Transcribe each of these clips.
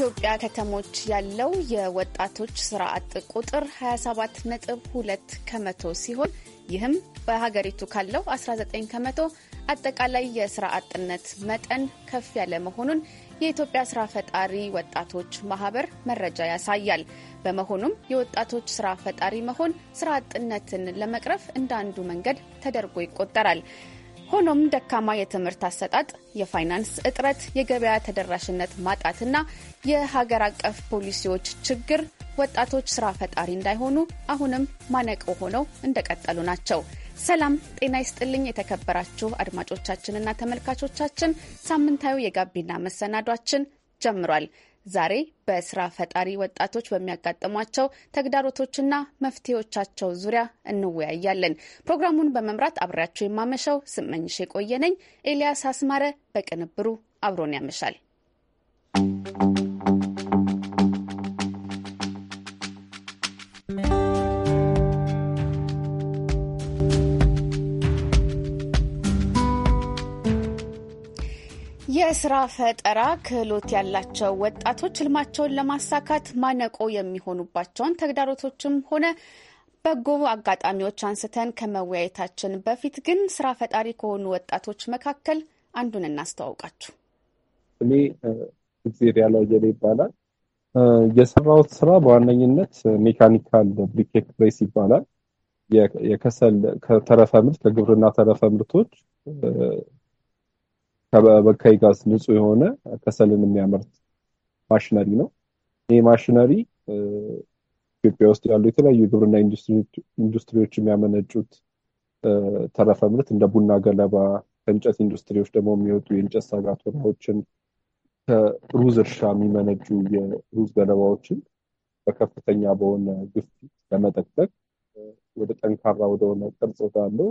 በኢትዮጵያ ከተሞች ያለው የወጣቶች ስራ አጥ ቁጥር 27 ነጥብ 2 ከመቶ ሲሆን ይህም በሀገሪቱ ካለው 19 ከመቶ አጠቃላይ የስራ አጥነት መጠን ከፍ ያለ መሆኑን የኢትዮጵያ ስራ ፈጣሪ ወጣቶች ማህበር መረጃ ያሳያል። በመሆኑም የወጣቶች ስራ ፈጣሪ መሆን ስራ አጥነትን ለመቅረፍ እንደ አንዱ መንገድ ተደርጎ ይቆጠራል። ሆኖም ደካማ የትምህርት አሰጣጥ፣ የፋይናንስ እጥረት፣ የገበያ ተደራሽነት ማጣትና የሀገር አቀፍ ፖሊሲዎች ችግር ወጣቶች ስራ ፈጣሪ እንዳይሆኑ አሁንም ማነቆ ሆነው እንደቀጠሉ ናቸው። ሰላም ጤና ይስጥልኝ። የተከበራችሁ አድማጮቻችንና ተመልካቾቻችን ሳምንታዊ የጋቢና መሰናዷችን ጀምሯል። ዛሬ በስራ ፈጣሪ ወጣቶች በሚያጋጥሟቸው ተግዳሮቶችና መፍትሄዎቻቸው ዙሪያ እንወያያለን። ፕሮግራሙን በመምራት አብሬያቸው የማመሸው ስመኝሽ የቆየነኝ ኤልያስ አስማረ በቅንብሩ አብሮን ያመሻል። የስራ ፈጠራ ክህሎት ያላቸው ወጣቶች ህልማቸውን ለማሳካት ማነቆ የሚሆኑባቸውን ተግዳሮቶችም ሆነ በጎ አጋጣሚዎች አንስተን ከመወያየታችን በፊት ግን ስራ ፈጣሪ ከሆኑ ወጣቶች መካከል አንዱን እናስተዋውቃችሁ። እኔ ጊዜር ያለው ይባላል። የሰራሁት ስራ በዋነኝነት ሜካኒካል ብሪኬት ፕሬስ ይባላል። የከሰል ከተረፈ ምርት ከግብርና ተረፈ ምርቶች ከበካይ ጋዝ ንጹህ የሆነ ከሰልን የሚያመርት ማሽነሪ ነው። ይህ ማሽነሪ ኢትዮጵያ ውስጥ ያሉ የተለያዩ የግብርና ኢንዱስትሪዎች የሚያመነጩት ተረፈ ምርት እንደ ቡና፣ ገለባ ከእንጨት ኢንዱስትሪዎች ደግሞ የሚወጡ የእንጨት ሰጋቶራዎችን ከሩዝ እርሻ የሚመነጩ የሩዝ ገለባዎችን በከፍተኛ በሆነ ግፊት ለመጠቅጠቅ ወደ ጠንካራ ወደሆነ ቅርጽ ወዳለው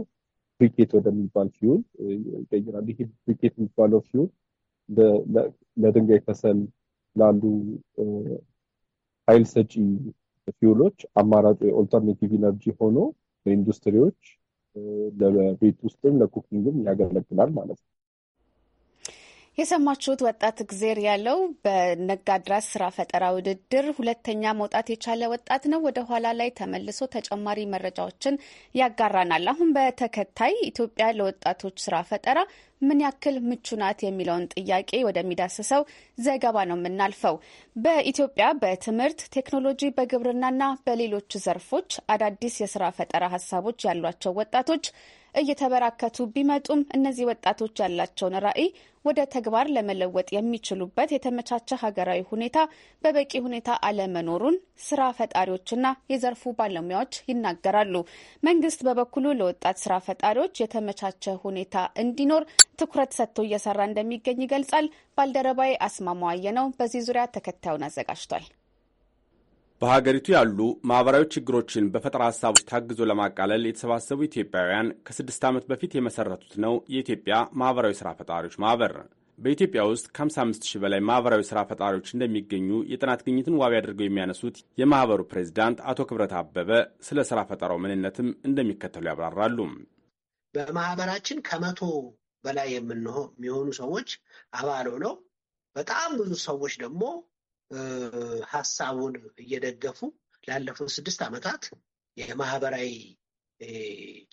ብሪኬት ወደሚባል ፊውል ይቀይራል። ይህ ብሪኬት የሚባለው ፊውል ለድንጋይ ከሰል ላሉ ኃይል ሰጪ ፊውሎች አማራጭ ኦልተርኔቲቭ ኢነርጂ ሆኖ ለኢንዱስትሪዎች፣ ለቤት ውስጥም ለኩኪንግም ያገለግላል ማለት ነው። የሰማችሁት ወጣት እግዜር ያለው በነጋድራስ ስራ ፈጠራ ውድድር ሁለተኛ መውጣት የቻለ ወጣት ነው። ወደ ኋላ ላይ ተመልሶ ተጨማሪ መረጃዎችን ያጋራናል። አሁን በተከታይ ኢትዮጵያ ለወጣቶች ስራ ፈጠራ ምን ያክል ምቹ ናት የሚለውን ጥያቄ ወደሚዳስሰው ዘገባ ነው የምናልፈው። በኢትዮጵያ በትምህርት ቴክኖሎጂ፣ በግብርናና በሌሎች ዘርፎች አዳዲስ የስራ ፈጠራ ሀሳቦች ያሏቸው ወጣቶች እየተበራከቱ ቢመጡም እነዚህ ወጣቶች ያላቸውን ራዕይ ወደ ተግባር ለመለወጥ የሚችሉበት የተመቻቸ ሀገራዊ ሁኔታ በበቂ ሁኔታ አለመኖሩን ስራ ፈጣሪዎችና የዘርፉ ባለሙያዎች ይናገራሉ። መንግስት በበኩሉ ለወጣት ስራ ፈጣሪዎች የተመቻቸ ሁኔታ እንዲኖር ትኩረት ሰጥቶ እየሰራ እንደሚገኝ ይገልጻል። ባልደረባዬ አስማማዋየ ነው በዚህ ዙሪያ ተከታዩን አዘጋጅቷል። በሀገሪቱ ያሉ ማኅበራዊ ችግሮችን በፈጠራ ሀሳቦች ታግዞ ለማቃለል የተሰባሰቡ ኢትዮጵያውያን ከስድስት ዓመት በፊት የመሠረቱት ነው የኢትዮጵያ ማኅበራዊ ሥራ ፈጣሪዎች ማኅበር። በኢትዮጵያ ውስጥ ከ55 ሺህ በላይ ማኅበራዊ ሥራ ፈጣሪዎች እንደሚገኙ የጥናት ግኝትን ዋቢ አድርገው የሚያነሱት የማኅበሩ ፕሬዚዳንት አቶ ክብረት አበበ ስለ ሥራ ፈጠራው ምንነትም እንደሚከተሉ ያብራራሉ። በማኅበራችን ከመቶ በላይ የምንሆ የሚሆኑ ሰዎች አባል ሆነው በጣም ብዙ ሰዎች ደግሞ ሀሳቡን እየደገፉ ላለፉት ስድስት ዓመታት የማህበራዊ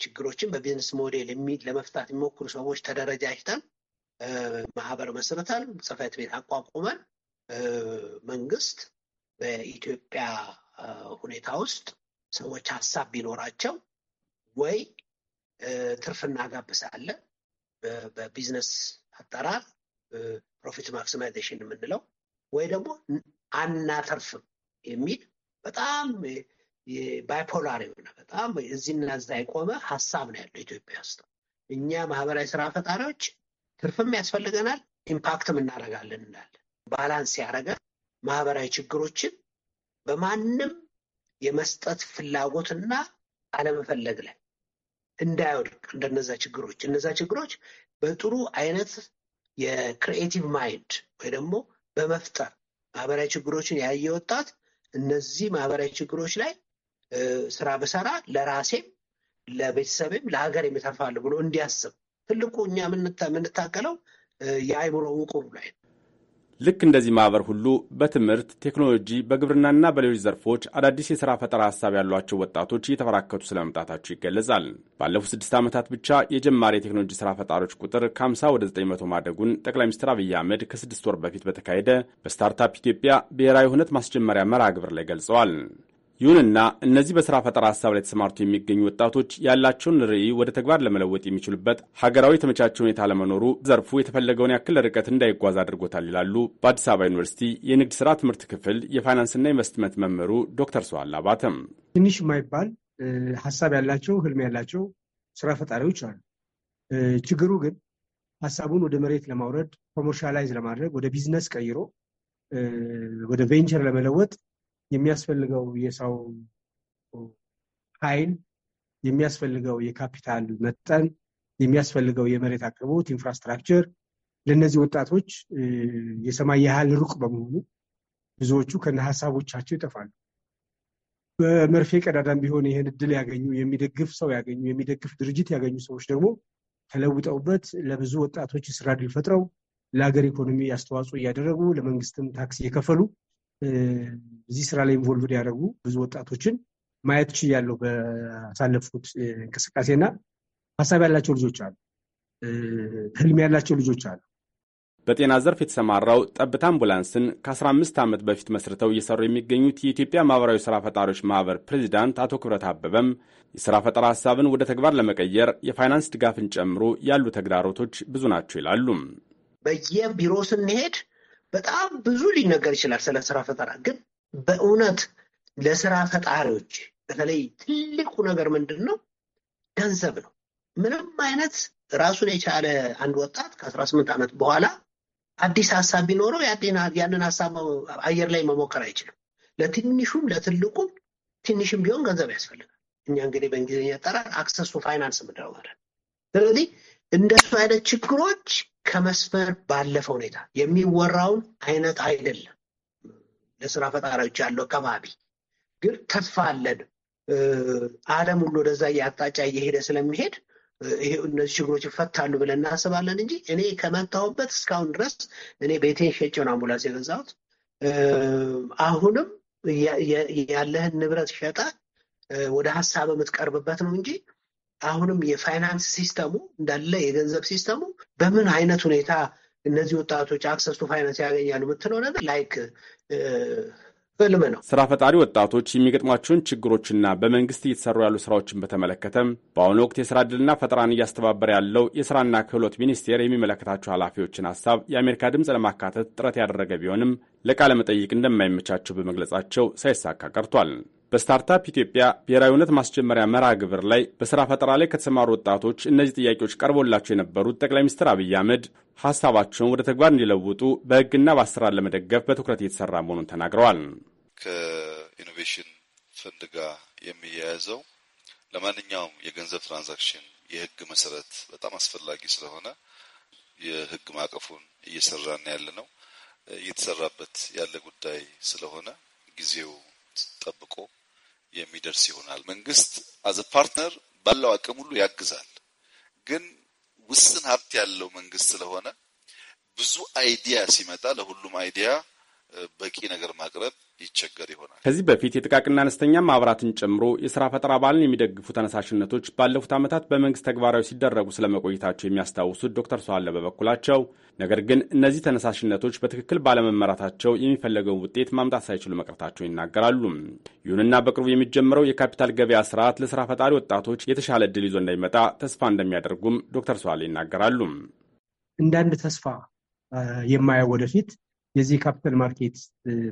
ችግሮችን በቢዝነስ ሞዴል ለመፍታት የሚሞክሩ ሰዎች ተደረጃጅተን ማህበር መስርተን ጽፈት ቤት አቋቁመን መንግስት በኢትዮጵያ ሁኔታ ውስጥ ሰዎች ሀሳብ ቢኖራቸው ወይ ትርፍና ጋብስ በቢዝነስ አጠራር ፕሮፊት ማክሲማይዜሽን የምንለው ወይ ደግሞ አናተርፍም የሚል በጣም ባይፖላር የሆነ በጣም እዚህና እዛ የቆመ ሀሳብ ነው ያለው ኢትዮጵያ ውስጥ። እኛ ማህበራዊ ስራ ፈጣሪዎች ትርፍም ያስፈልገናል፣ ኢምፓክትም እናደርጋለን እንላለን። ባላንስ ያደረገ ማህበራዊ ችግሮችን በማንም የመስጠት ፍላጎትና አለመፈለግ ላይ እንዳይወድቅ እንደነዛ ችግሮች እነዛ ችግሮች በጥሩ አይነት የክሪኤቲቭ ማይንድ ወይ ደግሞ በመፍጠር ማህበራዊ ችግሮችን ያየ ወጣት እነዚህ ማህበራዊ ችግሮች ላይ ስራ ብሰራ ለራሴም ለቤተሰብም ለሀገር እተርፋለሁ ብሎ እንዲያስብ ትልቁ እኛ የምንታቀለው የአይምሮ ውቁብ ላይ ነው። ልክ እንደዚህ ማህበር ሁሉ በትምህርት ቴክኖሎጂ፣ በግብርናና በሌሎች ዘርፎች አዳዲስ የሥራ ፈጠራ ሀሳብ ያሏቸው ወጣቶች እየተበራከቱ ስለመምጣታቸው ይገለጻል። ባለፉት ስድስት ዓመታት ብቻ የጀማሪ የቴክኖሎጂ ሥራ ፈጣሪዎች ቁጥር ከ50 ወደ 900 ማደጉን ጠቅላይ ሚኒስትር አብይ አህመድ ከስድስት ወር በፊት በተካሄደ በስታርታፕ ኢትዮጵያ ብሔራዊ ሁነት ማስጀመሪያ መርሃ ግብር ላይ ገልጸዋል። ይሁንና እነዚህ በሥራ ፈጠራ ሀሳብ ላይ ተሰማርተው የሚገኙ ወጣቶች ያላቸውን ርዕይ ወደ ተግባር ለመለወጥ የሚችሉበት ሀገራዊ የተመቻቸ ሁኔታ ለመኖሩ ዘርፉ የተፈለገውን ያክል ርቀት እንዳይጓዝ አድርጎታል ይላሉ በአዲስ አበባ ዩኒቨርሲቲ የንግድ ሥራ ትምህርት ክፍል የፋይናንስና ኢንቨስትመንት መምህሩ ዶክተር ሰዋላ አባተም። ትንሽ የማይባል ሀሳብ ያላቸው ህልም ያላቸው ስራ ፈጣሪዎች አሉ። ችግሩ ግን ሀሳቡን ወደ መሬት ለማውረድ ኮመርሻላይዝ ለማድረግ ወደ ቢዝነስ ቀይሮ ወደ ቬንቸር ለመለወጥ የሚያስፈልገው የሰው ኃይል የሚያስፈልገው የካፒታል መጠን የሚያስፈልገው የመሬት አቅርቦት ኢንፍራስትራክቸር ለእነዚህ ወጣቶች የሰማይ ያህል ሩቅ በመሆኑ ብዙዎቹ ከነ ሀሳቦቻቸው ይጠፋሉ። በመርፌ ቀዳዳም ቢሆን ይህን እድል ያገኙ የሚደግፍ ሰው ያገኙ የሚደግፍ ድርጅት ያገኙ ሰዎች ደግሞ ተለውጠውበት ለብዙ ወጣቶች ስራ እድል ፈጥረው ለሀገር ኢኮኖሚ አስተዋጽኦ እያደረጉ ለመንግስትም ታክስ እየከፈሉ እዚህ ስራ ላይ ኢንቮልቭድ ያደረጉ ብዙ ወጣቶችን ማየት ችያለሁ ባሳለፍኩት እንቅስቃሴና ሀሳብ ያላቸው ልጆች አሉ፣ ህልም ያላቸው ልጆች አሉ። በጤና ዘርፍ የተሰማራው ጠብታ አምቡላንስን ከ15 ዓመት በፊት መስርተው እየሰሩ የሚገኙት የኢትዮጵያ ማህበራዊ ስራ ፈጣሪዎች ማህበር ፕሬዚዳንት አቶ ክብረት አበበም የስራ ፈጠራ ሀሳብን ወደ ተግባር ለመቀየር የፋይናንስ ድጋፍን ጨምሮ ያሉ ተግዳሮቶች ብዙ ናቸው ይላሉ። በየቢሮ ስንሄድ በጣም ብዙ ሊነገር ይችላል ስለ ስራ ፈጠራ። ግን በእውነት ለስራ ፈጣሪዎች በተለይ ትልቁ ነገር ምንድን ነው? ገንዘብ ነው። ምንም አይነት ራሱን የቻለ አንድ ወጣት ከ ስምንት ዓመት በኋላ አዲስ ሀሳብ ቢኖረው ያንን ሀሳብ አየር ላይ መሞከር አይችልም። ለትንሹም ለትልቁም ትንሽም ቢሆን ገንዘብ ያስፈልጋል። እኛ እንግዲህ በእንግሊዝኛ ጠራር አክሰሱ ፋይናንስ ምንድነው ማለት ስለዚህ እንደሱ አይነት ችግሮች ከመስመር ባለፈ ሁኔታ የሚወራውን አይነት አይደለም። ለስራ ፈጣሪዎች ያለው ከባቢ ግን ተስፋ አለን። ዓለም ሁሉ ወደዛ የአቅጣጫ እየሄደ ስለሚሄድ ይሄ እነዚህ ችግሮች ይፈታሉ ብለን እናስባለን እንጂ እኔ ከመጣሁበት እስካሁን ድረስ እኔ ቤቴን ሸጬ አምቡላንስ የገዛሁት። አሁንም ያለህን ንብረት ሸጠ ወደ ሀሳብ የምትቀርብበት ነው እንጂ አሁንም የፋይናንስ ሲስተሙ እንዳለ የገንዘብ ሲስተሙ በምን አይነት ሁኔታ እነዚህ ወጣቶች አክሰስ ቱ ፋይናንስ ያገኛሉ የምትለው ነገር ላይክ ህልም ነው። ስራ ፈጣሪ ወጣቶች የሚገጥሟቸውን ችግሮችና በመንግስት እየተሰሩ ያሉ ስራዎችን በተመለከተም በአሁኑ ወቅት የስራ እድልና ፈጠራን እያስተባበረ ያለው የስራና ክህሎት ሚኒስቴር የሚመለከታቸው ኃላፊዎችን ሀሳብ የአሜሪካ ድምፅ ለማካተት ጥረት ያደረገ ቢሆንም ለቃለ መጠይቅ እንደማይመቻቸው በመግለጻቸው ሳይሳካ ቀርቷል። በስታርታፕ ኢትዮጵያ ብሔራዊ እውነት ማስጀመሪያ መርሃ ግብር ላይ በስራ ፈጠራ ላይ ከተሰማሩ ወጣቶች እነዚህ ጥያቄዎች ቀርቦላቸው የነበሩት ጠቅላይ ሚኒስትር አብይ አህመድ ሀሳባቸውን ወደ ተግባር እንዲለውጡ በህግና በአሰራር ለመደገፍ በትኩረት እየተሰራ መሆኑን ተናግረዋል። ከኢኖቬሽን ፈንድ ጋር የሚያያዘው ለማንኛውም የገንዘብ ትራንዛክሽን የህግ መሰረት በጣም አስፈላጊ ስለሆነ የህግ ማዕቀፉን እየሰራን ያለ ነው እየተሰራበት ያለ ጉዳይ ስለሆነ ጊዜው ጠብቆ የሚደርስ ይሆናል። መንግስት አዘ ፓርትነር ባለው አቅም ሁሉ ያግዛል። ግን ውስን ሀብት ያለው መንግስት ስለሆነ ብዙ አይዲያ ሲመጣ ለሁሉም አይዲያ በቂ ነገር ማቅረብ ይቸገር ይሆናል። ከዚህ በፊት የጥቃቅንና አነስተኛ ማህበራትን ጨምሮ የስራ ፈጠራ ባህልን የሚደግፉ ተነሳሽነቶች ባለፉት ዓመታት በመንግስት ተግባራዊ ሲደረጉ ስለመቆየታቸው የሚያስታውሱት ዶክተር ሰዋለ በበኩላቸው ነገር ግን እነዚህ ተነሳሽነቶች በትክክል ባለመመራታቸው የሚፈለገውን ውጤት ማምጣት ሳይችሉ መቅረታቸው ይናገራሉ። ይሁንና በቅርቡ የሚጀምረው የካፒታል ገበያ ስርዓት ለስራ ፈጣሪ ወጣቶች የተሻለ እድል ይዞ እንዳይመጣ ተስፋ እንደሚያደርጉም ዶክተር ሰዋለ ይናገራሉ። እንዳንድ ተስፋ የማየው ወደፊት የዚህ የካፒታል ማርኬት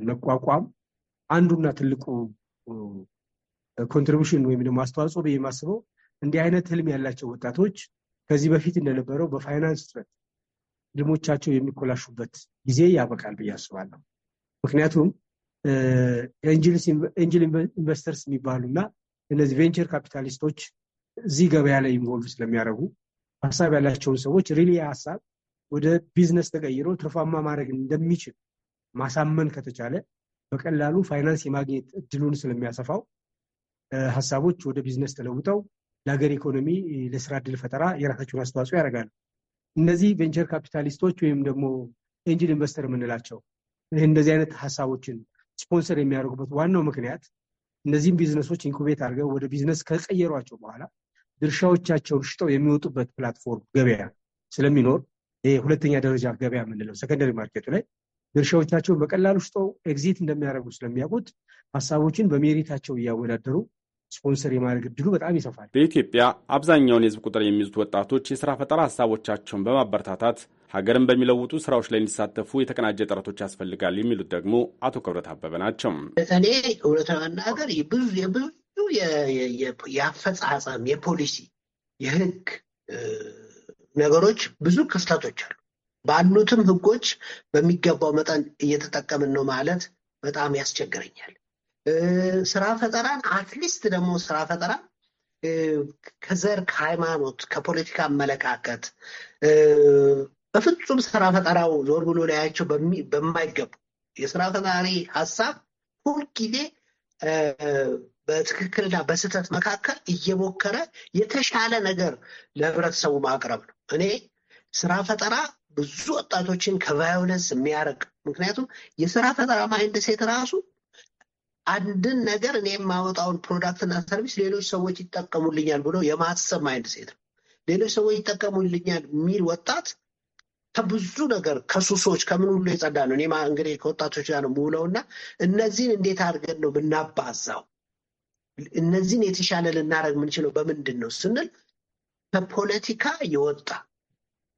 መቋቋም አንዱና ትልቁ ኮንትሪቢሽን ወይም ደግሞ አስተዋጽኦ ብዬ የማስበው እንዲህ አይነት ህልም ያላቸው ወጣቶች ከዚህ በፊት እንደነበረው በፋይናንስ እጥረት ህልሞቻቸው የሚኮላሹበት ጊዜ ያበቃል ብዬ አስባለሁ። ምክንያቱም ኤንጅል ኢንቨስተርስ የሚባሉ እና እነዚህ ቬንቸር ካፒታሊስቶች እዚህ ገበያ ላይ ኢንቮልቭ ስለሚያደርጉ ሀሳብ ያላቸውን ሰዎች ሪሊ ሀሳብ ወደ ቢዝነስ ተቀይሮ ትርፋማ ማድረግ እንደሚችል ማሳመን ከተቻለ በቀላሉ ፋይናንስ የማግኘት እድሉን ስለሚያሰፋው ሀሳቦች ወደ ቢዝነስ ተለውጠው ለሀገር ኢኮኖሚ፣ ለስራ እድል ፈጠራ የራሳቸውን አስተዋጽኦ ያደርጋሉ። እነዚህ ቬንቸር ካፒታሊስቶች ወይም ደግሞ ኤንጂል ኢንቨስተር የምንላቸው እንደዚህ አይነት ሀሳቦችን ስፖንሰር የሚያደርጉበት ዋናው ምክንያት እነዚህም ቢዝነሶች ኢንኩቤት አድርገው ወደ ቢዝነስ ከቀየሯቸው በኋላ ድርሻዎቻቸውን ሽጠው የሚወጡበት ፕላትፎርም ገበያ ስለሚኖር የሁለተኛ ደረጃ ገበያ የምንለው ሰከንደሪ ማርኬቱ ላይ ድርሻዎቻቸውን በቀላሉ ሽጠው ኤግዚት እንደሚያደርጉ ስለሚያውቁት ሀሳቦችን በሜሪታቸው እያወዳደሩ ስፖንሰር የማድረግ እድሉ በጣም ይሰፋል። በኢትዮጵያ አብዛኛውን የህዝብ ቁጥር የሚይዙት ወጣቶች የስራ ፈጠራ ሀሳቦቻቸውን በማበረታታት ሀገርን በሚለውጡ ስራዎች ላይ እንዲሳተፉ የተቀናጀ ጥረቶች ያስፈልጋል የሚሉት ደግሞ አቶ ክብረት አበበ ናቸው። እኔ እውነት ለመናገር ብዙ የብዙ የአፈጻጸም የፖሊሲ የህግ ነገሮች ብዙ ክስተቶች አሉ። ባሉትም ህጎች በሚገባው መጠን እየተጠቀምን ነው ማለት በጣም ያስቸግረኛል። ስራ ፈጠራን አትሊስት ደግሞ ስራ ፈጠራ ከዘር፣ ከሃይማኖት፣ ከፖለቲካ አመለካከት በፍጹም ስራ ፈጠራው ዞር ብሎ ላያቸው በማይገቡ የስራ ፈጣሪ ሀሳብ ሁልጊዜ በትክክልና በስህተት መካከል እየሞከረ የተሻለ ነገር ለህብረተሰቡ ማቅረብ ነው። እኔ ስራ ፈጠራ ብዙ ወጣቶችን ከቫዮለንስ የሚያደርግ ምክንያቱም የስራ ፈጠራ ማይንድ ሴት ራሱ አንድን ነገር እኔ የማወጣውን ፕሮዳክትና ሰርቪስ ሌሎች ሰዎች ይጠቀሙልኛል ብሎ የማሰብ ማይንድ ሴት ነው። ሌሎች ሰዎች ይጠቀሙልኛል የሚል ወጣት ከብዙ ነገር ከሱሶች ከምን ሁሉ የጸዳ ነው። እኔ እንግዲህ ከወጣቶች ጋር ነው እና እነዚህን እንዴት አድርገን ነው ብናባዛው፣ እነዚህን የተሻለ ልናደርግ የምንችለው በምንድን ነው ስንል ከፖለቲካ የወጣ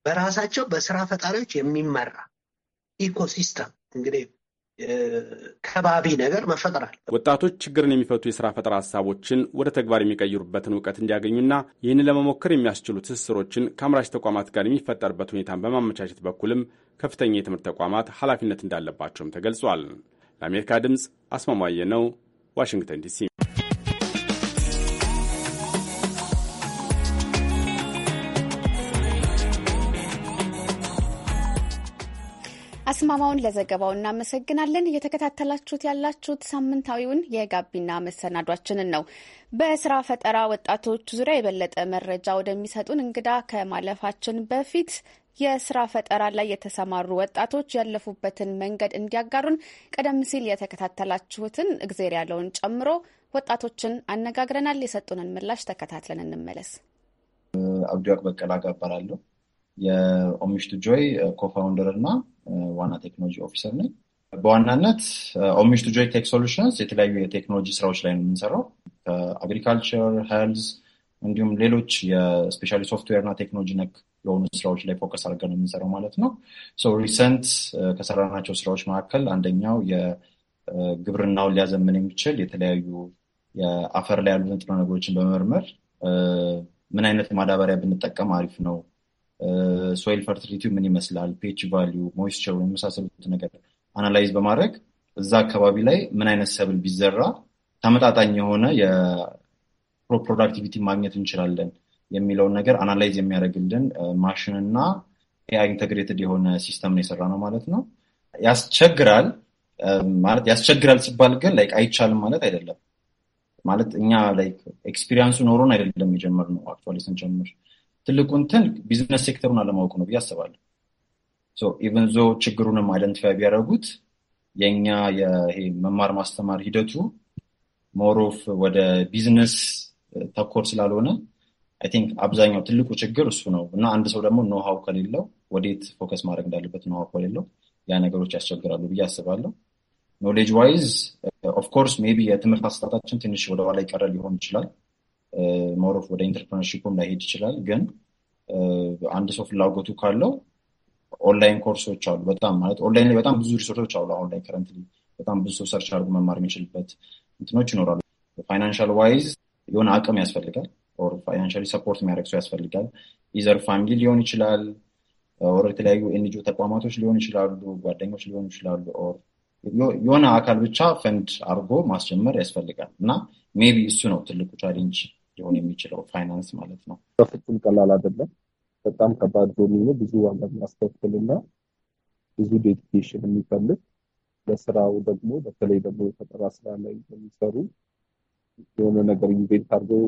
በራሳቸው በስራ ፈጣሪዎች የሚመራ ኢኮሲስተም እንግዲህ ከባቢ ነገር መፈጠር አለ። ወጣቶች ችግርን የሚፈቱ የስራ ፈጠራ ሀሳቦችን ወደ ተግባር የሚቀይሩበትን እውቀት እንዲያገኙና ይህን ለመሞከር የሚያስችሉ ትስስሮችን ከአምራች ተቋማት ጋር የሚፈጠርበት ሁኔታን በማመቻቸት በኩልም ከፍተኛ የትምህርት ተቋማት ኃላፊነት እንዳለባቸውም ተገልጿል። ለአሜሪካ ድምፅ አስማማየ ነው፣ ዋሽንግተን ዲሲ። አስማማውን ለዘገባው እናመሰግናለን። እየተከታተላችሁት ያላችሁት ሳምንታዊውን የጋቢና መሰናዷችንን ነው። በስራ ፈጠራ ወጣቶች ዙሪያ የበለጠ መረጃ ወደሚሰጡን እንግዳ ከማለፋችን በፊት የስራ ፈጠራ ላይ የተሰማሩ ወጣቶች ያለፉበትን መንገድ እንዲያጋሩን ቀደም ሲል የተከታተላችሁትን እግዜር ያለውን ጨምሮ ወጣቶችን አነጋግረናል። የሰጡንን ምላሽ ተከታትለን እንመለስ። አብዱ በቀላ ጋባራለሁ የኦሚሽቱ ጆይ ኮፋውንደር እና ዋና ቴክኖሎጂ ኦፊሰር ነኝ። በዋናነት ኦሚሽቱ ጆይ ቴክ ሶሉሽንስ የተለያዩ የቴክኖሎጂ ስራዎች ላይ ነው የምንሰራው ከአግሪካልቸር ሄልዝ፣ እንዲሁም ሌሎች የስፔሻሊ ሶፍትዌር እና ቴክኖሎጂ ነክ የሆኑ ስራዎች ላይ ፎከስ አድርገን የምንሰራው ማለት ነው። ሪሰንት ከሰራናቸው ስራዎች መካከል አንደኛው የግብርናውን ሊያዘምን የሚችል የተለያዩ የአፈር ላይ ያሉ ንጥረ ነገሮችን በመመርመር ምን አይነት ማዳበሪያ ብንጠቀም አሪፍ ነው ሶይል ፈርቲሊቲው ምን ይመስላል፣ ፒኤች ቫሊዩ፣ ሞይስቸሩ የመሳሰሉት ነገር አናላይዝ በማድረግ እዛ አካባቢ ላይ ምን አይነት ሰብል ቢዘራ ተመጣጣኝ የሆነ የፕሮዳክቲቪቲ ማግኘት እንችላለን የሚለውን ነገር አናላይዝ የሚያደርግልን ማሽን እና ኤአይ ኢንተግሬትድ የሆነ ሲስተም ነው የሰራ ነው ማለት ነው። ያስቸግራል ማለት ያስቸግራል ሲባል ግን ላይክ አይቻልም ማለት አይደለም። ማለት እኛ ላይክ ኤክስፒሪንሱ ኖሮን አይደለም የጀመርነው አክቹዋሊ ስንጀምር ትልቁ እንትን ቢዝነስ ሴክተሩን አለማወቁ ነው ብዬ አስባለሁ። ኢቨን ዞ ችግሩንም አይደንቲፋይ ቢያደረጉት የእኛ መማር ማስተማር ሂደቱ ሞሮፍ ወደ ቢዝነስ ተኮር ስላልሆነ አይ ቲንክ አብዛኛው ትልቁ ችግር እሱ ነው እና አንድ ሰው ደግሞ ኖሃው ከሌለው ወዴት ፎከስ ማድረግ እንዳለበት ኖሃው ከሌለው ያ ነገሮች ያስቸግራሉ ብዬ አስባለሁ። ኖሌጅ ዋይዝ ኦፍኮርስ ሜቢ ቢ የትምህርት አሰጣጣችን ትንሽ ወደኋላ ይቀረ ሊሆን ይችላል። ሞሮፍ ወደ ኢንተርፕረነርሺፑም ላይሄድ ይችላል። ግን አንድ ሰው ፍላጎቱ ካለው ኦንላይን ኮርሶች አሉ። በጣም ማለት ኦንላይን ላይ በጣም ብዙ ሪሶርሶች አሉ። አሁን ላይ ከረንት በጣም ብዙ ሰው ሰርች አድርጎ መማር የሚችልበት እንትኖች ይኖራሉ። ፋይናንሻል ዋይዝ የሆነ አቅም ያስፈልጋል። ኦር ፋይናንሻሊ ሰፖርት የሚያደርግ ሰው ያስፈልጋል። ኢዘር ፋሚሊ ሊሆን ይችላል ኦር የተለያዩ ኤንጂኦ ተቋማቶች ሊሆን ይችላሉ፣ ጓደኞች ሊሆን ይችላሉ። ኦር የሆነ አካል ብቻ ፈንድ አድርጎ ማስጀመር ያስፈልጋል እና ሜቢ እሱ ነው ትልቁ ቻሌንጅ ሊሆን የሚችለው ፋይናንስ ማለት ነው። በፍጹም ቀላል አይደለም። በጣም ከባድ በሚሆኑ ብዙ ዋጋ የሚያስከፍል እና ብዙ ዴዲኬሽን የሚፈልግ ለስራው ደግሞ በተለይ ደግሞ የፈጠራ ስራ ላይ የሚሰሩ የሆነ ነገር ኢንቬንት አድርገው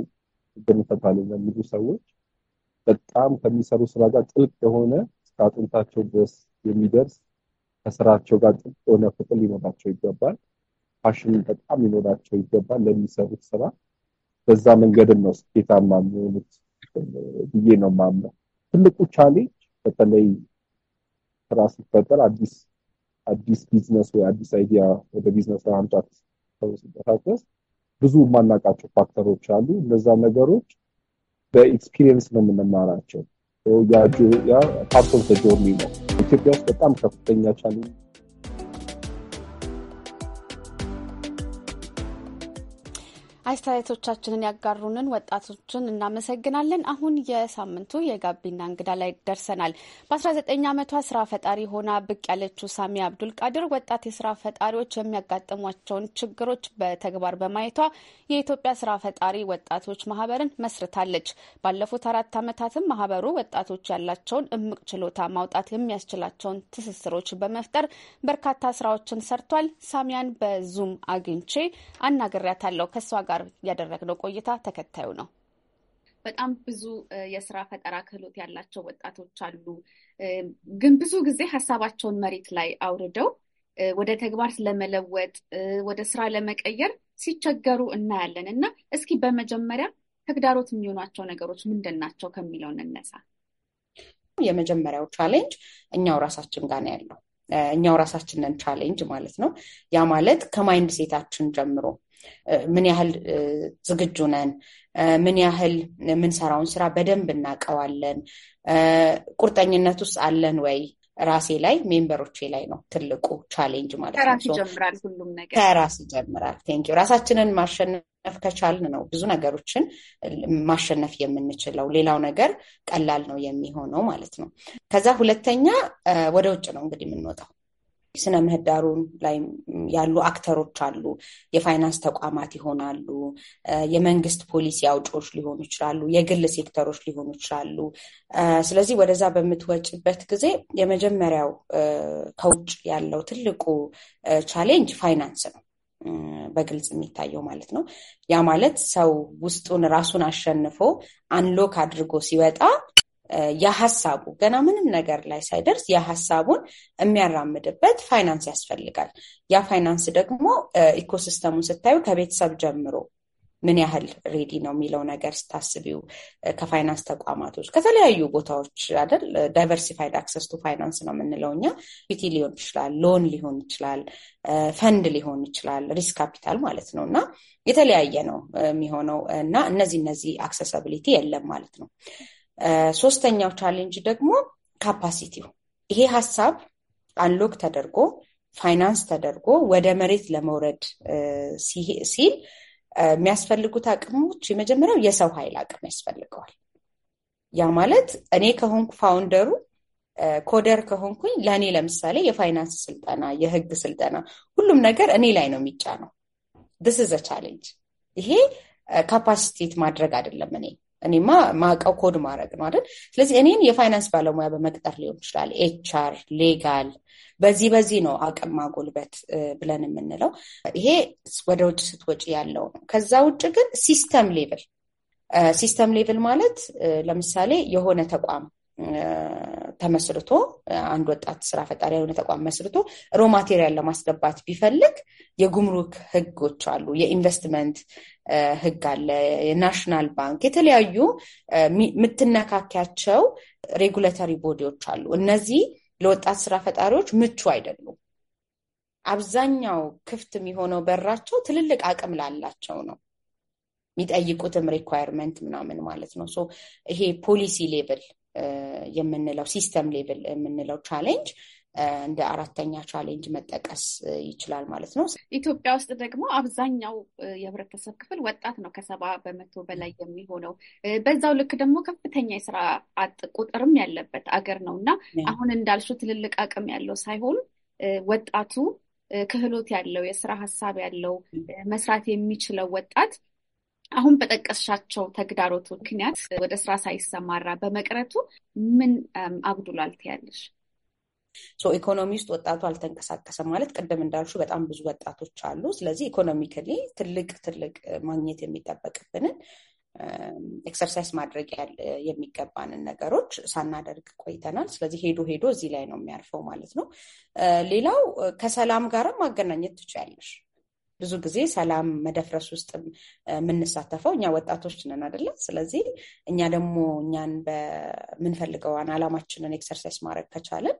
ችግር እንፈታለን ሰዎች በጣም ከሚሰሩ ስራ ጋር ጥልቅ የሆነ እስከ አጥንታቸው ድረስ የሚደርስ ከስራቸው ጋር ጥልቅ የሆነ ፍቅር ሊኖራቸው ይገባል። ፓሽን በጣም ሊኖራቸው ይገባል ለሚሰሩት ስራ በዛ መንገድም ነው ስኬታማ የሚሆኑት ብዬ ነው ማምነው። ትልቁ ቻሌንጅ በተለይ ስራ ሲፈጠር አዲስ አዲስ ቢዝነስ ወይ አዲስ አይዲያ ወደ ቢዝነስ ለማምጣት ሰው ሲንቀሳቀስ ብዙ የማናውቃቸው ፋክተሮች አሉ። እነዛ ነገሮች በኤክስፒሪየንስ ነው የምንማራቸው። ያ ፓርት ኦፍ ዘ ጆርኒ ነው። ኢትዮጵያ ውስጥ በጣም ከፍተኛ ቻሌንጅ አስተያየቶቻችንን ያጋሩንን ወጣቶችን እናመሰግናለን። አሁን የሳምንቱ የጋቢና እንግዳ ላይ ደርሰናል። በ19 ዓመቷ ስራ ፈጣሪ ሆና ብቅ ያለችው ሳሚ አብዱል ቃድር ወጣት የስራ ፈጣሪዎች የሚያጋጥሟቸውን ችግሮች በተግባር በማየቷ የኢትዮጵያ ስራ ፈጣሪ ወጣቶች ማህበርን መስርታለች። ባለፉት አራት ዓመታትም ማህበሩ ወጣቶች ያላቸውን እምቅ ችሎታ ማውጣት የሚያስችላቸውን ትስስሮች በመፍጠር በርካታ ስራዎችን ሰርቷል። ሳሚያን በዙም አግኝቼ አናግሬያታለሁ። ከእሷ ጋር ጋር ያደረግነው ቆይታ ተከታዩ ነው። በጣም ብዙ የስራ ፈጠራ ክህሎት ያላቸው ወጣቶች አሉ። ግን ብዙ ጊዜ ሀሳባቸውን መሬት ላይ አውርደው ወደ ተግባር ለመለወጥ ወደ ስራ ለመቀየር ሲቸገሩ እናያለን እና እስኪ በመጀመሪያ ተግዳሮት የሚሆኗቸው ነገሮች ምንድን ናቸው ከሚለው እንነሳ። የመጀመሪያው ቻሌንጅ እኛው ራሳችን ጋር ነው ያለው። እኛው ራሳችንን ቻሌንጅ ማለት ነው። ያ ማለት ከማይንድ ሴታችን ጀምሮ ምን ያህል ዝግጁ ነን፣ ምን ያህል የምንሰራውን ስራ በደንብ እናውቀዋለን፣ ቁርጠኝነት ውስጥ አለን ወይ ራሴ ላይ ሜምበሮቼ ላይ ነው ትልቁ ቻሌንጅ ማለት ነው። ከራስ ይጀምራል ሁሉም ራሳችንን ማሸነፍ ከቻልን ነው ብዙ ነገሮችን ማሸነፍ የምንችለው። ሌላው ነገር ቀላል ነው የሚሆነው ማለት ነው። ከዛ ሁለተኛ ወደ ውጭ ነው እንግዲህ የምንወጣው ስነ ምህዳሩ ላይ ያሉ አክተሮች አሉ። የፋይናንስ ተቋማት ይሆናሉ፣ የመንግስት ፖሊሲ አውጪዎች ሊሆኑ ይችላሉ፣ የግል ሴክተሮች ሊሆኑ ይችላሉ። ስለዚህ ወደዛ በምትወጭበት ጊዜ የመጀመሪያው ከውጭ ያለው ትልቁ ቻሌንጅ ፋይናንስ ነው። በግልጽ የሚታየው ማለት ነው። ያ ማለት ሰው ውስጡን ራሱን አሸንፎ አንሎክ አድርጎ ሲወጣ የሀሳቡ ገና ምንም ነገር ላይ ሳይደርስ የሀሳቡን የሚያራምድበት ፋይናንስ ያስፈልጋል። ያ ፋይናንስ ደግሞ ኢኮሲስተሙን ስታዩ ከቤተሰብ ጀምሮ ምን ያህል ሬዲ ነው የሚለው ነገር ስታስቢው ከፋይናንስ ተቋማቶች ከተለያዩ ቦታዎች አይደል ዳይቨርሲፋይድ አክሰስ ቱ ፋይናንስ ነው የምንለው እኛ ፒቲ ሊሆን ይችላል፣ ሎን ሊሆን ይችላል፣ ፈንድ ሊሆን ይችላል፣ ሪስክ ካፒታል ማለት ነው እና የተለያየ ነው የሚሆነው እና እነዚህ እነዚህ አክሰሳቢሊቲ የለም ማለት ነው። ሶስተኛው ቻሌንጅ ደግሞ ካፓሲቲው ይሄ ሀሳብ አንሎክ ተደርጎ ፋይናንስ ተደርጎ ወደ መሬት ለመውረድ ሲል የሚያስፈልጉት አቅሞች የመጀመሪያው የሰው ኃይል አቅም ያስፈልገዋል። ያ ማለት እኔ ከሆንኩ ፋውንደሩ ኮደር ከሆንኩኝ ለእኔ ለምሳሌ የፋይናንስ ስልጠና፣ የህግ ስልጠና፣ ሁሉም ነገር እኔ ላይ ነው የሚጫነው። ድስ ዘ ቻሌንጅ። ይሄ ካፓሲቴት ማድረግ አይደለም እኔ እኔማ ማቀው ኮድ ማድረግ ነው አይደል? ስለዚህ እኔን የፋይናንስ ባለሙያ በመቅጠር ሊሆን ይችላል፣ ኤች ሌጋል በዚህ በዚህ ነው አቅም ማጎልበት ብለን የምንለው። ይሄ ወደ ውጭ ስትወጪ ያለው ነው። ከዛ ውጭ ግን ሲስተም ሌቭል ሲስተም ሌቭል ማለት ለምሳሌ የሆነ ተቋም ተመስርቶ አንድ ወጣት ስራ ፈጣሪ የሆነ ተቋም መስርቶ ሮ ማቴሪያል ለማስገባት ቢፈልግ የጉምሩክ ህጎች አሉ፣ የኢንቨስትመንት ህግ አለ፣ የናሽናል ባንክ የተለያዩ የምትነካኪያቸው ሬጉላተሪ ቦዲዎች አሉ። እነዚህ ለወጣት ስራ ፈጣሪዎች ምቹ አይደሉም። አብዛኛው ክፍት የሚሆነው በራቸው ትልልቅ አቅም ላላቸው ነው የሚጠይቁትም ሪኳየርመንት ምናምን ማለት ነው። ይሄ ፖሊሲ ሌብል የምንለው ሲስተም ሌቭል የምንለው ቻሌንጅ እንደ አራተኛ ቻሌንጅ መጠቀስ ይችላል ማለት ነው። ኢትዮጵያ ውስጥ ደግሞ አብዛኛው የህብረተሰብ ክፍል ወጣት ነው፣ ከሰባ በመቶ በላይ የሚሆነው በዛው ልክ ደግሞ ከፍተኛ የስራ አጥ ቁጥርም ያለበት አገር ነው እና አሁን እንዳልሹ ትልልቅ አቅም ያለው ሳይሆን ወጣቱ ክህሎት ያለው የስራ ሀሳብ ያለው መስራት የሚችለው ወጣት አሁን በጠቀስሻቸው ተግዳሮት ምክንያት ወደ ስራ ሳይሰማራ በመቅረቱ ምን አጉድሏል ትያለሽ? ኢኮኖሚ ውስጥ ወጣቱ አልተንቀሳቀሰ ማለት ቅድም እንዳልሹ በጣም ብዙ ወጣቶች አሉ። ስለዚህ ኢኮኖሚካሊ ትልቅ ትልቅ ማግኘት የሚጠበቅብንን ኤክሰርሳይዝ ማድረግ ያለ የሚገባንን ነገሮች ሳናደርግ ቆይተናል። ስለዚህ ሄዶ ሄዶ እዚህ ላይ ነው የሚያርፈው ማለት ነው። ሌላው ከሰላም ጋርም ማገናኘት ትችያለሽ። ብዙ ጊዜ ሰላም መደፍረስ ውስጥ የምንሳተፈው እኛ ወጣቶች ነን አደለ? ስለዚህ እኛ ደግሞ እኛን በምንፈልገውን አላማችንን ኤክሰርሳይዝ ማድረግ ከቻለን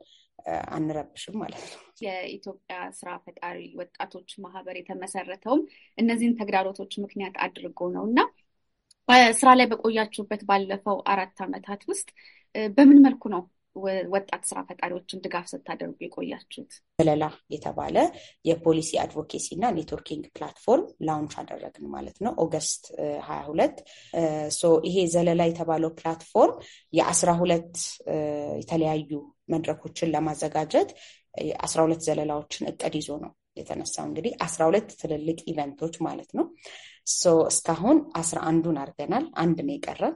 አንረብሽም ማለት ነው። የኢትዮጵያ ስራ ፈጣሪ ወጣቶች ማህበር የተመሰረተውም እነዚህን ተግዳሮቶች ምክንያት አድርጎ ነው እና ስራ ላይ በቆያችሁበት ባለፈው አራት ዓመታት ውስጥ በምን መልኩ ነው ወጣት ስራ ፈጣሪዎችን ድጋፍ ስታደርጉ የቆያችሁት? ዘለላ የተባለ የፖሊሲ አድቮኬሲ እና ኔትወርኪንግ ፕላትፎርም ላውንች አደረግን ማለት ነው ኦገስት ሀያ ሁለት ይሄ ዘለላ የተባለው ፕላትፎርም የአስራ ሁለት የተለያዩ መድረኮችን ለማዘጋጀት አስራ ሁለት ዘለላዎችን እቅድ ይዞ ነው የተነሳው። እንግዲህ አስራ ሁለት ትልልቅ ኢቨንቶች ማለት ነው። እስካሁን አስራ አንዱን አድርገናል። አንድ ነው የቀረን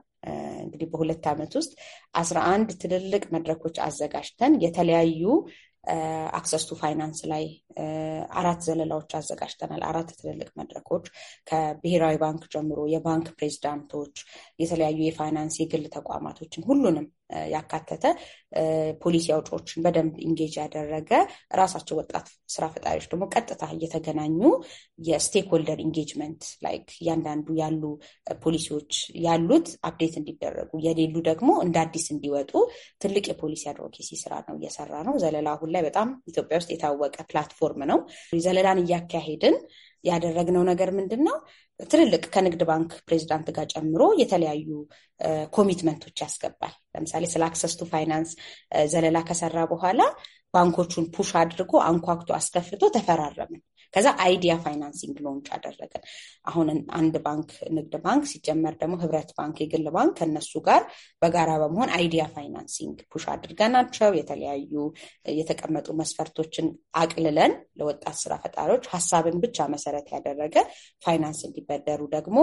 እንግዲህ በሁለት ዓመት ውስጥ አስራ አንድ ትልልቅ መድረኮች አዘጋጅተን የተለያዩ አክሰስ ቱ ፋይናንስ ላይ አራት ዘለላዎች አዘጋጅተናል። አራት ትልልቅ መድረኮች ከብሔራዊ ባንክ ጀምሮ የባንክ ፕሬዚዳንቶች፣ የተለያዩ የፋይናንስ የግል ተቋማቶችን ሁሉንም ያካተተ ፖሊሲ አውጪዎችን በደንብ ኢንጌጅ ያደረገ ራሳቸው ወጣት ስራ ፈጣሪዎች ደግሞ ቀጥታ እየተገናኙ የስቴክሆልደር ኢንጌጅመንት ላይክ እያንዳንዱ ያሉ ፖሊሲዎች ያሉት አፕዴት እንዲደረጉ የሌሉ ደግሞ እንደ አዲስ እንዲወጡ ትልቅ የፖሊሲ አድቮኬሲ ስራ ነው እየሰራ ነው። ዘለላ አሁን ላይ በጣም ኢትዮጵያ ውስጥ የታወቀ ፕላትፎርም ነው። ዘለላን እያካሄድን ያደረግነው ነገር ምንድን ነው? ትልልቅ ከንግድ ባንክ ፕሬዚዳንት ጋር ጨምሮ የተለያዩ ኮሚትመንቶች ያስገባል። ለምሳሌ ስለ አክሰስ ቱ ፋይናንስ ዘለላ ከሰራ በኋላ ባንኮቹን ፑሽ አድርጎ አንኳክቶ አስከፍቶ ተፈራረምን። ከዛ አይዲያ ፋይናንሲንግ ሎንች አደረገን። አሁን አንድ ባንክ ንግድ ባንክ ሲጀመር ደግሞ ህብረት ባንክ የግል ባንክ ከነሱ ጋር በጋራ በመሆን አይዲያ ፋይናንሲንግ ፑሽ አድርገናቸው የተለያዩ የተቀመጡ መስፈርቶችን አቅልለን ለወጣት ስራ ፈጣሪዎች ሀሳብን ብቻ መሰረት ያደረገ ፋይናንስ እንዲበደሩ ደግሞ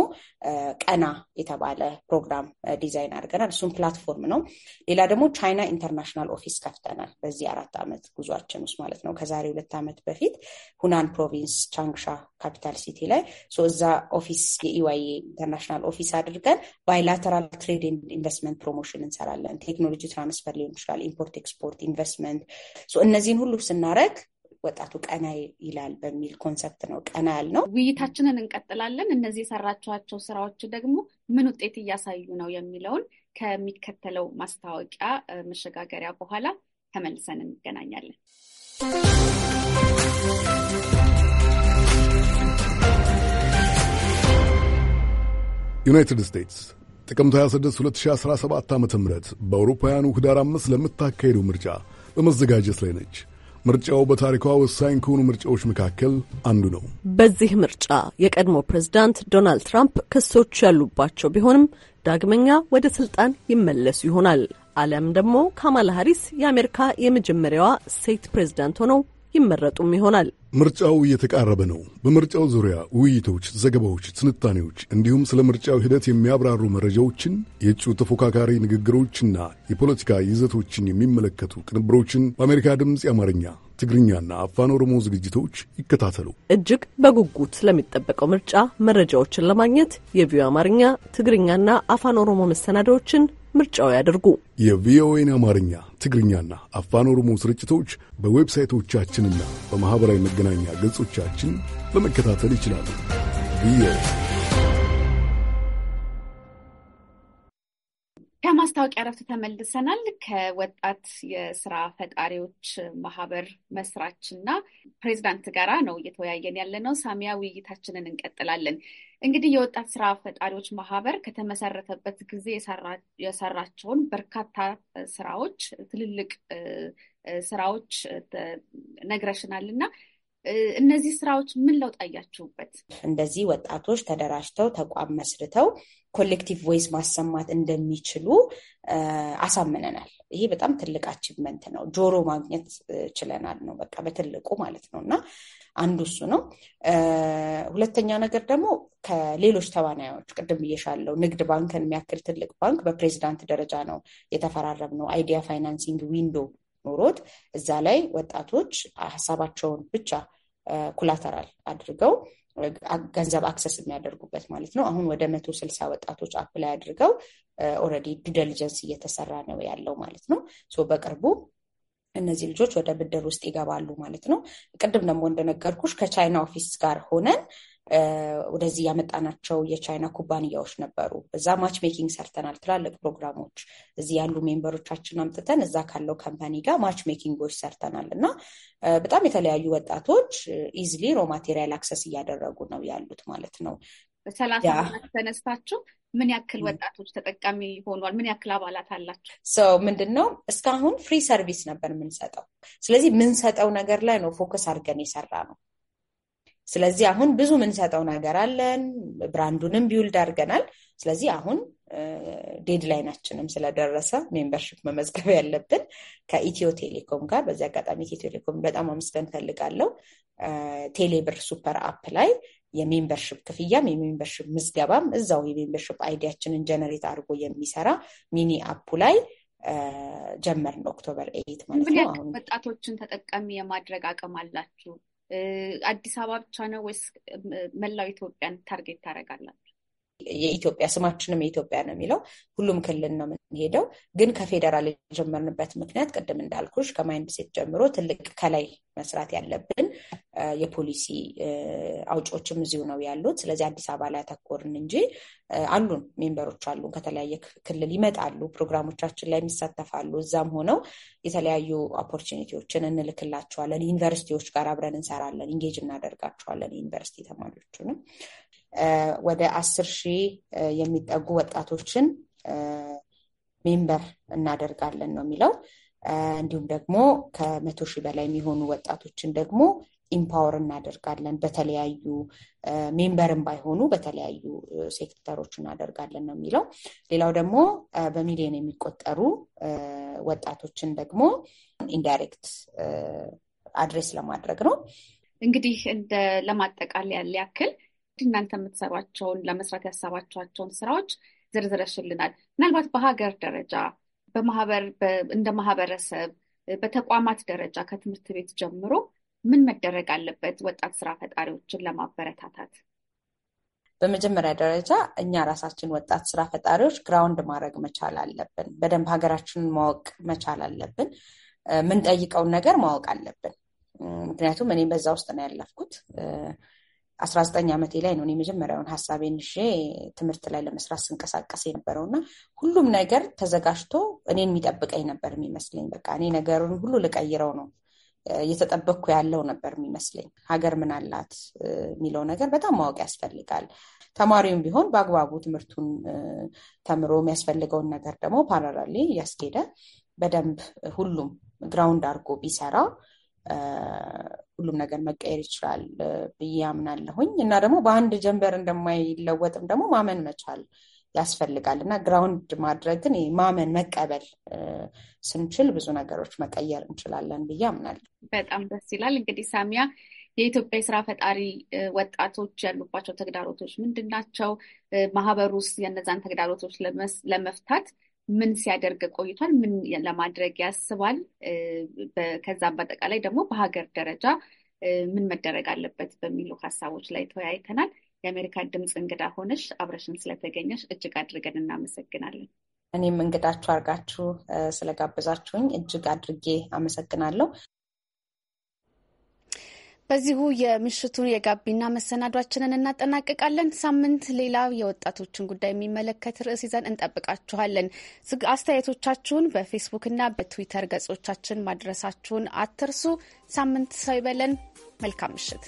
ቀና የተባለ ፕሮግራም ዲዛይን አድርገናል። እሱም ፕላትፎርም ነው። ሌላ ደግሞ ቻይና ኢንተርናሽናል ኦፊስ ከፍተናል። በዚህ አራት ዓመት ጉዟችን ውስጥ ማለት ነው። ከዛሬ ሁለት ዓመት በፊት ሁናን ፕሮቪ ፕሮቪንስ ቻንግሻ ካፒታል ሲቲ ላይ እዛ ኦፊስ የኢዋይ ኢንተርናሽናል ኦፊስ አድርገን ባይላተራል ትሬድ ኢንቨስትመንት ፕሮሞሽን እንሰራለን። ቴክኖሎጂ ትራንስፈር ሊሆን ይችላል፣ ኢምፖርት ኤክስፖርት፣ ኢንቨስትመንት እነዚህን ሁሉ ስናረግ ወጣቱ ቀና ይላል በሚል ኮንሰፕት ነው ቀና ነው። ውይይታችንን እንቀጥላለን። እነዚህ የሰራችኋቸው ስራዎች ደግሞ ምን ውጤት እያሳዩ ነው የሚለውን ከሚከተለው ማስታወቂያ መሸጋገሪያ በኋላ ተመልሰን እንገናኛለን። ዩናይትድ ስቴትስ ጥቅምት 26 2017 ዓ ም በአውሮፓውያኑ ኅዳር 5 ለምታካሄደው ምርጫ በመዘጋጀት ላይ ነች። ምርጫው በታሪኳ ወሳኝ ከሆኑ ምርጫዎች መካከል አንዱ ነው። በዚህ ምርጫ የቀድሞ ፕሬዝዳንት ዶናልድ ትራምፕ ክሶች ያሉባቸው ቢሆንም ዳግመኛ ወደ ስልጣን ይመለሱ ይሆናል። አለም ደግሞ ካማላ ሀሪስ የአሜሪካ የመጀመሪያዋ ሴት ፕሬዝዳንት ሆነው ይመረጡም ይሆናል። ምርጫው እየተቃረበ ነው። በምርጫው ዙሪያ ውይይቶች፣ ዘገባዎች፣ ትንታኔዎች እንዲሁም ስለ ምርጫው ሂደት የሚያብራሩ መረጃዎችን የእጩ ተፎካካሪ ንግግሮችና የፖለቲካ ይዘቶችን የሚመለከቱ ቅንብሮችን በአሜሪካ ድምፅ የአማርኛ ትግርኛና አፋን ኦሮሞ ዝግጅቶች ይከታተሉ። እጅግ በጉጉት ስለሚጠበቀው ምርጫ መረጃዎችን ለማግኘት የቪዮ አማርኛ ትግርኛና አፋን ኦሮሞ መሰናዳዎችን ምርጫው ያደርጉ። የቪኦኤን አማርኛ፣ ትግርኛና አፋን ኦሮሞ ስርጭቶች በዌብሳይቶቻችንና በማኅበራዊ መገናኛ ገጾቻችን በመከታተል ይችላሉ። ቪኦኤ ከማስታወቂያ እረፍት ተመልሰናል። ከወጣት የስራ ፈጣሪዎች ማህበር መስራች እና ፕሬዚዳንት ጋራ ነው እየተወያየን ያለ ነው። ሳሚያ፣ ውይይታችንን እንቀጥላለን። እንግዲህ የወጣት ስራ ፈጣሪዎች ማህበር ከተመሰረተበት ጊዜ የሰራቸውን በርካታ ስራዎች፣ ትልልቅ ስራዎች ነግረሽናል እና እነዚህ ስራዎች ምን ለውጥ አያችሁበት? እንደዚህ ወጣቶች ተደራጅተው ተቋም መስርተው ኮሌክቲቭ ቮይስ ማሰማት እንደሚችሉ አሳምነናል። ይሄ በጣም ትልቅ አቺቭመንት ነው። ጆሮ ማግኘት ችለናል ነው በቃ በትልቁ ማለት ነው። እና አንዱ እሱ ነው። ሁለተኛ ነገር ደግሞ ከሌሎች ተዋናዮች ቅድም ብዬሻለሁ፣ ንግድ ባንክን የሚያክል ትልቅ ባንክ በፕሬዚዳንት ደረጃ ነው የተፈራረም ነው። አይዲያ ፋይናንሲንግ ዊንዶው ኑሮት እዛ ላይ ወጣቶች ሀሳባቸውን ብቻ ኩላተራል አድርገው ገንዘብ አክሰስ የሚያደርጉበት ማለት ነው። አሁን ወደ መቶ ስልሳ ወጣቶች አፕላይ አድርገው ኦልሬዲ ዱደሊጀንስ እየተሰራ ነው ያለው ማለት ነው። በቅርቡ እነዚህ ልጆች ወደ ብድር ውስጥ ይገባሉ ማለት ነው። ቅድም ደግሞ እንደነገርኩሽ ከቻይና ኦፊስ ጋር ሆነን ወደዚህ ያመጣናቸው የቻይና ኩባንያዎች ነበሩ። እዛ ማች ሜኪንግ ሰርተናል። ትላልቅ ፕሮግራሞች እዚህ ያሉ ሜምበሮቻችን አምጥተን እዛ ካለው ከምፓኒ ጋር ማች ሜኪንጎች ሰርተናል እና በጣም የተለያዩ ወጣቶች ኢዝሊ ሮ ማቴሪያል አክሰስ እያደረጉ ነው ያሉት ማለት ነው። ሰላሳ ተነስታችሁ ምን ያክል ወጣቶች ተጠቃሚ ሆኗል? ምን ያክል አባላት አላቸው? ሰው ምንድን ነው እስካሁን ፍሪ ሰርቪስ ነበር የምንሰጠው። ስለዚህ የምንሰጠው ነገር ላይ ነው ፎከስ አድርገን የሰራ ነው። ስለዚህ አሁን ብዙ የምንሰጠው ነገር አለን። ብራንዱንም ቢውልድ አድርገናል። ስለዚህ አሁን ዴድላይናችንም ስለደረሰ ሜምበርሽፕ መመዝገብ ያለብን ከኢትዮ ቴሌኮም ጋር በዚህ አጋጣሚ ኢትዮ ቴሌኮም በጣም አመስገን ፈልጋለሁ። ቴሌብር ሱፐር አፕ ላይ የሜምበርሽፕ ክፍያም የሜምበርሽፕ ምዝገባም እዛው የሜምበርሽፕ አይዲያችንን ጀነሬት አድርጎ የሚሰራ ሚኒ አፑ ላይ ጀመርን። ኦክቶበር ኤይት ማለት ነው። ወጣቶችን ተጠቃሚ የማድረግ አቅም አላችሁ? አዲስ አበባ ብቻ ነው ወይስ መላው ኢትዮጵያን ታርጌት ታደርጋላችሁ? የኢትዮጵያ ስማችንም የኢትዮጵያ ነው የሚለው ሁሉም ክልል ነው የምንሄደው። ግን ከፌዴራል የጀመርንበት ምክንያት ቅድም እንዳልኩሽ ከማይንድ ሴት ጀምሮ ትልቅ ከላይ መስራት ያለብን የፖሊሲ አውጪዎችም እዚሁ ነው ያሉት። ስለዚህ አዲስ አበባ ላይ ያተኮርን እንጂ አሉን ሜምበሮች አሉን ከተለያየ ክልል ይመጣሉ፣ ፕሮግራሞቻችን ላይ የሚሳተፋሉ። እዛም ሆነው የተለያዩ ኦፖርቹኒቲዎችን እንልክላቸዋለን። ዩኒቨርሲቲዎች ጋር አብረን እንሰራለን፣ ኢንጌጅ እናደርጋቸዋለን ዩኒቨርሲቲ ተማሪዎቹንም ወደ አስር ሺህ የሚጠጉ ወጣቶችን ሜምበር እናደርጋለን ነው የሚለው። እንዲሁም ደግሞ ከመቶ ሺህ በላይ የሚሆኑ ወጣቶችን ደግሞ ኢምፓወር እናደርጋለን። በተለያዩ ሜምበርም ባይሆኑ በተለያዩ ሴክተሮች እናደርጋለን ነው የሚለው። ሌላው ደግሞ በሚሊዮን የሚቆጠሩ ወጣቶችን ደግሞ ኢንዳይሬክት አድሬስ ለማድረግ ነው። እንግዲህ ለማጠቃለያ ያክል እናንተ የምትሰሯቸውን ለመስራት ያሰባቸኋቸውን ስራዎች ዝርዝረሽልናል። ምናልባት በሀገር ደረጃ በማህበር እንደ ማህበረሰብ በተቋማት ደረጃ ከትምህርት ቤት ጀምሮ ምን መደረግ አለበት ወጣት ስራ ፈጣሪዎችን ለማበረታታት? በመጀመሪያ ደረጃ እኛ ራሳችን ወጣት ስራ ፈጣሪዎች ግራውንድ ማድረግ መቻል አለብን። በደንብ ሀገራችንን ማወቅ መቻል አለብን። ምንጠይቀውን ነገር ማወቅ አለብን። ምክንያቱም እኔ በዛ ውስጥ ነው ያለፍኩት። አስራ ዘጠኝ ዓመቴ ላይ ነው የመጀመሪያውን ሀሳቤን ይዤ ትምህርት ላይ ለመስራት ስንቀሳቀስ የነበረው እና ሁሉም ነገር ተዘጋጅቶ እኔን የሚጠብቀኝ ነበር የሚመስለኝ። በቃ እኔ ነገሩን ሁሉ ልቀይረው ነው እየተጠበቅኩ ያለው ነበር የሚመስለኝ። ሀገር ምን አላት የሚለው ነገር በጣም ማወቅ ያስፈልጋል። ተማሪውም ቢሆን በአግባቡ ትምህርቱን ተምሮ የሚያስፈልገውን ነገር ደግሞ ፓራራሌ እያስኬደ በደንብ ሁሉም ግራውንድ አድርጎ ቢሰራ ሁሉም ነገር መቀየር ይችላል ብዬ አምናለሁኝ እና ደግሞ በአንድ ጀንበር እንደማይለወጥም ደግሞ ማመን መቻል ያስፈልጋል እና ግራውንድ ማድረግን ማመን መቀበል ስንችል ብዙ ነገሮች መቀየር እንችላለን ብዬ አምናለሁ። በጣም ደስ ይላል። እንግዲህ ሳሚያ፣ የኢትዮጵያ የስራ ፈጣሪ ወጣቶች ያሉባቸው ተግዳሮቶች ምንድን ናቸው? ማህበሩ ውስጥ የእነዛን ተግዳሮቶች ለመፍታት ምን ሲያደርግ ቆይቷል? ምን ለማድረግ ያስባል? ከዛም በአጠቃላይ ደግሞ በሀገር ደረጃ ምን መደረግ አለበት በሚሉ ሀሳቦች ላይ ተወያይተናል። የአሜሪካ ድምፅ እንግዳ ሆነሽ አብረሽን ስለተገኘሽ እጅግ አድርገን እናመሰግናለን። እኔም እንግዳችሁ አድርጋችሁ ስለጋበዛችሁኝ እጅግ አድርጌ አመሰግናለሁ። በዚሁ የምሽቱን የጋቢና መሰናዷችንን እናጠናቅቃለን። ሳምንት ሌላ የወጣቶችን ጉዳይ የሚመለከት ርዕስ ይዘን እንጠብቃችኋለን። አስተያየቶቻችሁን በፌስቡክና በትዊተር ገጾቻችን ማድረሳችሁን አትርሱ። ሳምንት ሰው ይበለን። መልካም ምሽት።